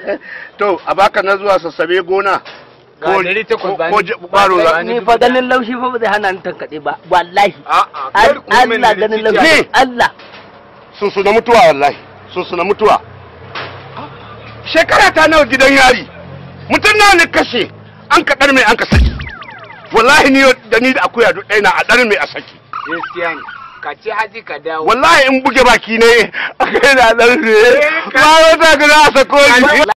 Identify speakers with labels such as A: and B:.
A: to a baka na zuwa sassabe gona ko kwaro za ni fa
B: ganin laushi fa ba zai hana ni tankade ba wallahi Allah ganin laushi Allah sun suna mutuwa wallahi sun suna mutuwa
C: shekara ta nawa gidan yari mutum na ni kashe an ka ɗar mai an ka saki wallahi ni da ni da akuya duk na a ɗar mai a saki
D: ka ci haji ka dawo wallahi in buge
C: baki ne a kai da ɗar ne ba wata gina a sako